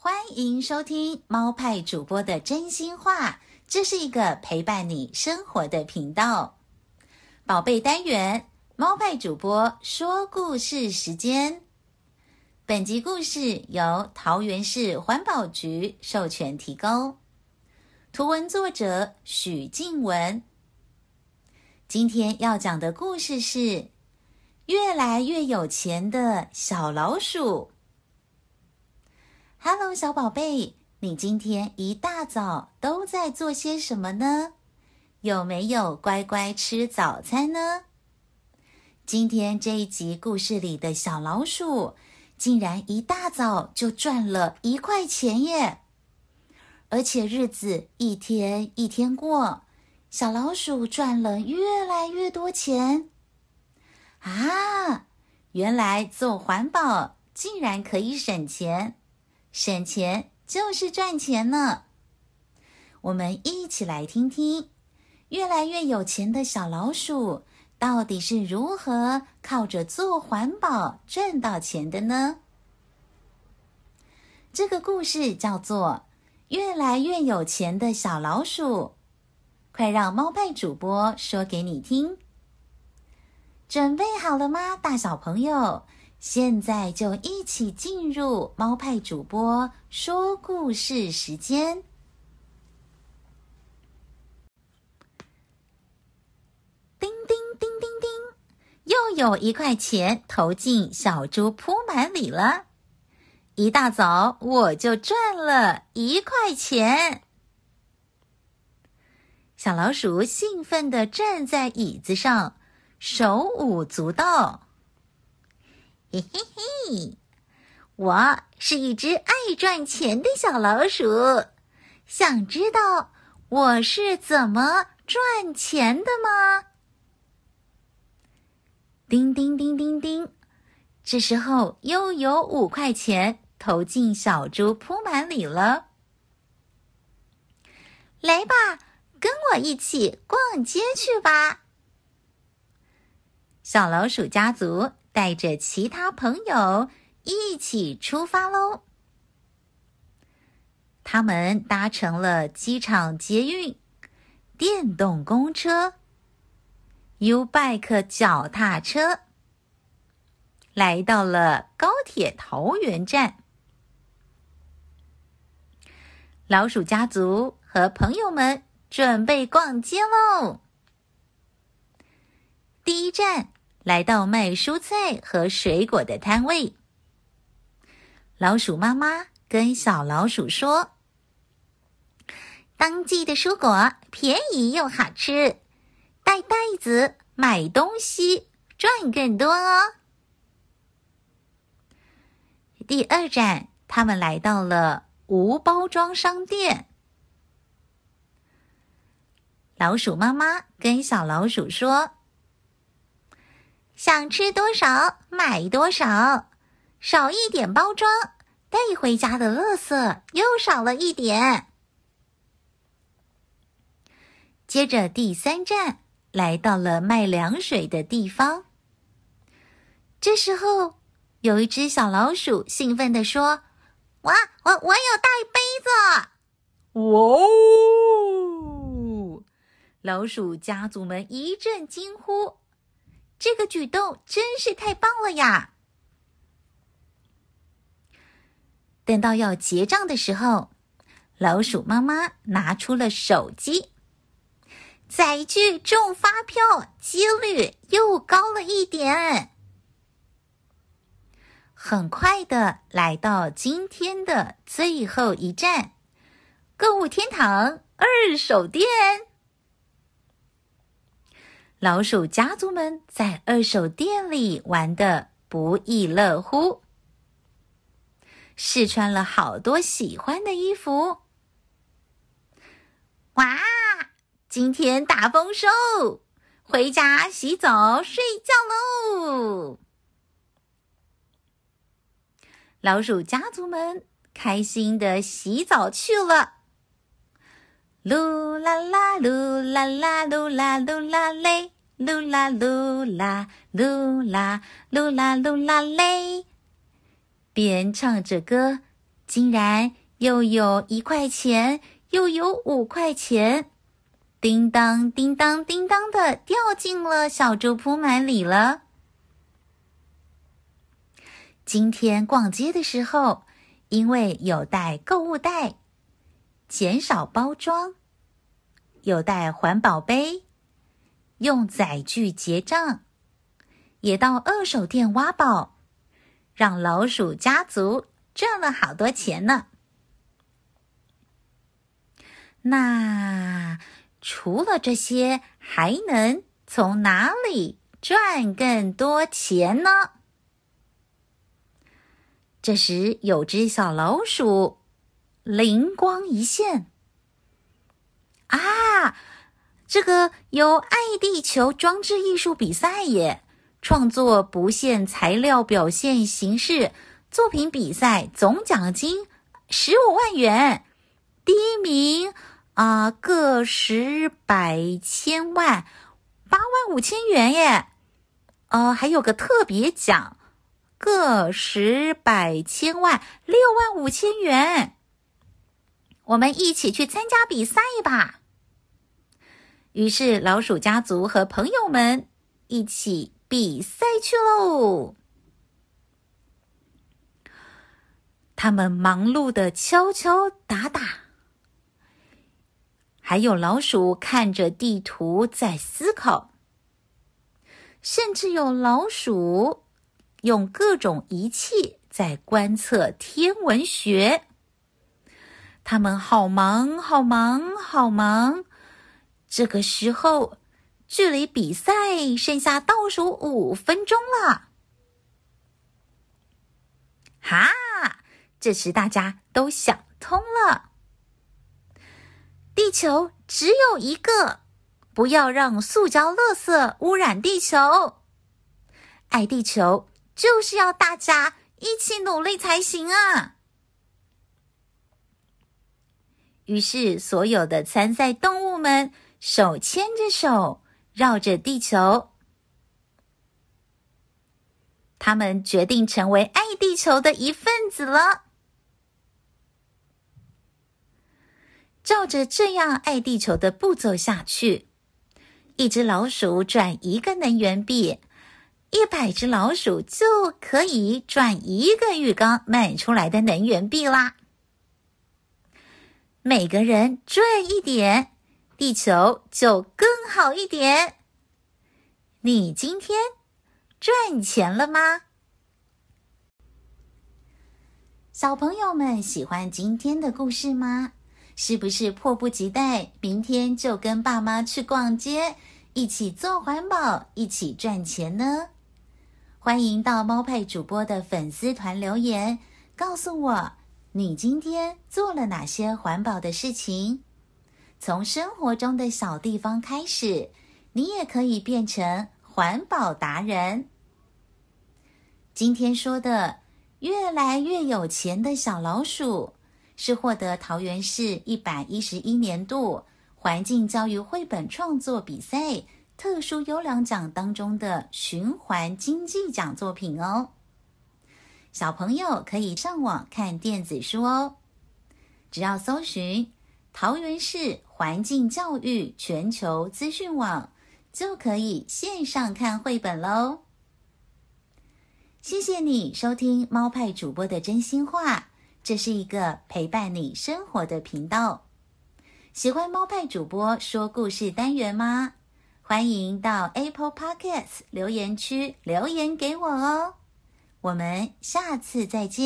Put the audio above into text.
歡迎收聽貓派主播的真心話，這是一個陪伴你生活的頻道。寶貝單元，貓派主播說故事時間。本集故事由桃園市環保局授權提供，圖文作者許瀞文。今天要講的故事是《越來越有錢的小老鼠》。哈嘍，Hello, 小寶貝，你今天一大早都在做些什麼呢？有沒有乖乖吃早餐呢？今天這一集故事裡的小老鼠，竟然一大早就賺了一塊錢耶！而且日子一天一天過，小老鼠賺了越來越多錢。啊，原來做環保竟然可以省錢。省錢就是賺錢呢，我們一起來聽聽，越來越有錢的小老鼠到底是如何靠着做環保賺到錢的呢？這個故事叫做《越來越有錢的小老鼠》，快讓貓派主播說給你聽。準備好了嗎？大小朋友？現在就一起進入貓派主播說故事時間。叮叮叮叮叮，又有一塊錢投進小豬撲滿裡了。一大早我就賺了一塊錢。小老鼠興奮地站在椅子上，手舞足蹈。嘿嘿嘿，我是一隻愛賺錢的小老鼠。想知道我是怎麼賺錢的嗎？叮叮叮叮叮，這時候又有五塊錢投進小豬撲滿裡了。來吧，跟我一起逛街去吧，小老鼠家族。帶着其他朋友一起出發嘍！他們搭乘了機場捷運、電動公車、U-Bike 腳踏車，來到了高鐵桃園站。老鼠家族和朋友們準備逛街嘍！第一站。來到賣蔬菜和水果的攤位，老鼠媽媽跟小老鼠說：“當季的蔬果便宜又好吃，帶袋子買東西賺更多哦。”第二站，他們來到了無包裝商店，老鼠媽媽跟小老鼠說。想吃多少買多少，少一點包裝，帶回家的垃圾又少了一點。接着第三站來到了賣涼水的地方，這時候有一隻小老鼠興奮地說：“哇，我我我有帶杯子！”哇哦，老鼠家族們一陣驚呼。這個舉動真是太棒了呀！等到要結賬的時候，老鼠媽媽拿出了手機，載具中發票幾率又高了一點。很快的，來到今天的最後一站——購物天堂二手店。老鼠家族們在二手店裡玩得不亦樂乎，試穿了好多喜歡的衣服。哇，今天大豐收，回家洗澡睡覺嘍！老鼠家族們開心地洗澡去了。嚕啦啦，嚕啦啦，嚕啦嚕啦嘞，嚕啦嚕啦，嚕啦嚕啦嚕啦，嚕啦嘞，邊唱着歌，竟然又有一塊錢，又有五塊錢，叮當叮當叮當的掉進了小豬撲滿裡了。今天逛街的時候，因為有帶購物袋。減少包裝，有帶環保杯，用載具結賬，也到二手店挖寶，讓老鼠家族賺了好多錢呢。那除了這些，還能從哪裡賺更多錢呢？這時，有只小老鼠。靈光一現啊！這個有愛地球裝置藝術比賽耶，創作不限材料、表現形式，作品比賽總獎金十五萬元，第一名啊，呃，個十百千萬八萬五千元耶，呃，還有個特別獎，個十百千萬六萬五千元。我們一起去參加比賽吧！於是，老鼠家族和朋友們一起比賽去嘍。他們忙碌的敲敲打打，還有老鼠看着地圖在思考，甚至有老鼠用各種儀器在觀測天文學。他們好忙，好忙，好忙！這個時候，距離比賽剩下倒數五分鐘了。哈！這時大家都想通了：地球只有一個，不要讓塑膠垃圾污染地球。愛地球就是要大家一起努力才行啊！於是，所有的參賽動物們手牽着手，繞着地球。他們決定成為愛地球的一份子了。照着這樣愛地球的步驟下去，一隻老鼠賺一個能源幣，一百隻老鼠就可以賺一個浴缸賣出來的能源幣啦。每個人賺一點，地球就更好一點。你今天賺錢了嗎？小朋友們喜歡今天的故事嗎？是不是迫不及待明天就跟爸媽去逛街，一起做環保，一起賺錢呢？歡迎到貓派主播的粉絲團留言，告訴我。你今天做了哪些環保的事情？從生活中的小地方開始，你也可以變成環保達人。今天說的“越來越有錢的小老鼠”，是獲得桃園市一百一十一年度環境教育繪本創作比賽特殊優良獎當中的循環經濟獎作品哦。小朋友可以上網看電子書哦，只要搜尋“桃園市環境教育全球資訊網”，就可以線上看繪本咯。謝謝你收聽貓派主播的真心話，這是一個陪伴你生活的頻道。喜歡貓派主播說故事單元嗎？歡迎到 Apple Podcast 留言區留言給我哦。我們下次再見。